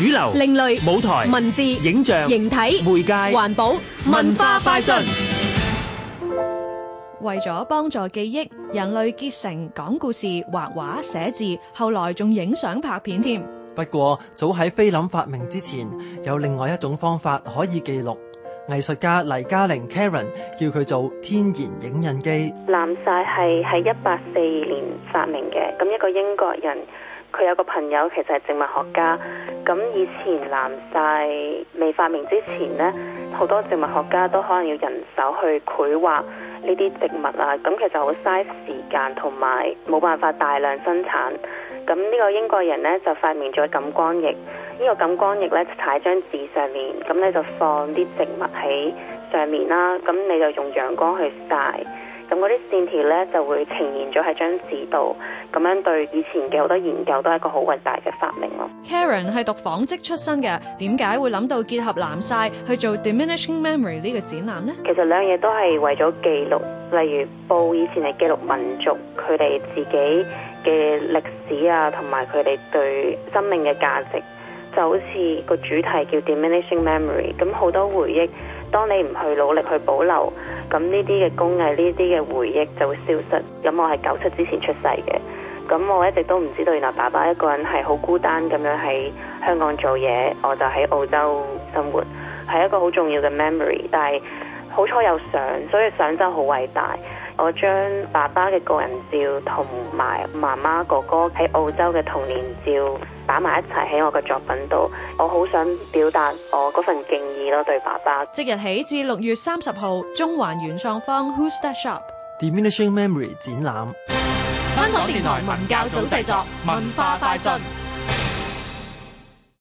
主流、另類舞台、文字、影像、形體、媒介、環保、文化快訊。為咗幫助記憶，人類結成講故事、畫畫、寫字，後來仲影相拍片添。不過早喺菲林發明之前，有另外一種方法可以記錄。藝術家黎嘉玲 Karen 叫佢做天然影印機。藍曬係喺一八四二年發明嘅，咁一個英國人，佢有個朋友其實係植物學家。咁以前藍曬未發明之前呢，好多植物學家都可能要人手去繪畫呢啲植物啊，咁其實好嘥時間同埋冇辦法大量生產。咁、這、呢個英國人呢，就發明咗感光液，呢、這個感光液呢，就喺張紙上面，咁你就放啲植物喺上面啦，咁你就用陽光去曬。咁嗰啲線條咧就會呈現咗喺張紙度，咁樣對以前嘅好多研究都係一個好偉大嘅發明咯。Karen 係讀紡織出身嘅，點解會諗到結合藍曬去做 Diminishing Memory 呢個展覽咧？其實兩樣嘢都係為咗記錄，例如報以前係記錄民族佢哋自己嘅歷史啊，同埋佢哋對生命嘅價值，就好似個主題叫 Diminishing Memory，咁好多回憶。當你唔去努力去保留，咁呢啲嘅工藝、呢啲嘅回憶就會消失。咁我係九七之前出世嘅，咁我一直都唔知道原來爸爸一個人係好孤單咁樣喺香港做嘢，我就喺澳洲生活，係一個好重要嘅 memory，但係。好彩有相，所以相真好偉大。我將爸爸嘅個人照同埋媽媽哥哥喺澳洲嘅童年照打埋一齊喺我嘅作品度，我好想表達我嗰份敬意咯，對爸爸。即日起至六月三十號，中環原創方 Who’s That Shop Diminishing Memory 展覽。香港電台文教組製作，文化快訊。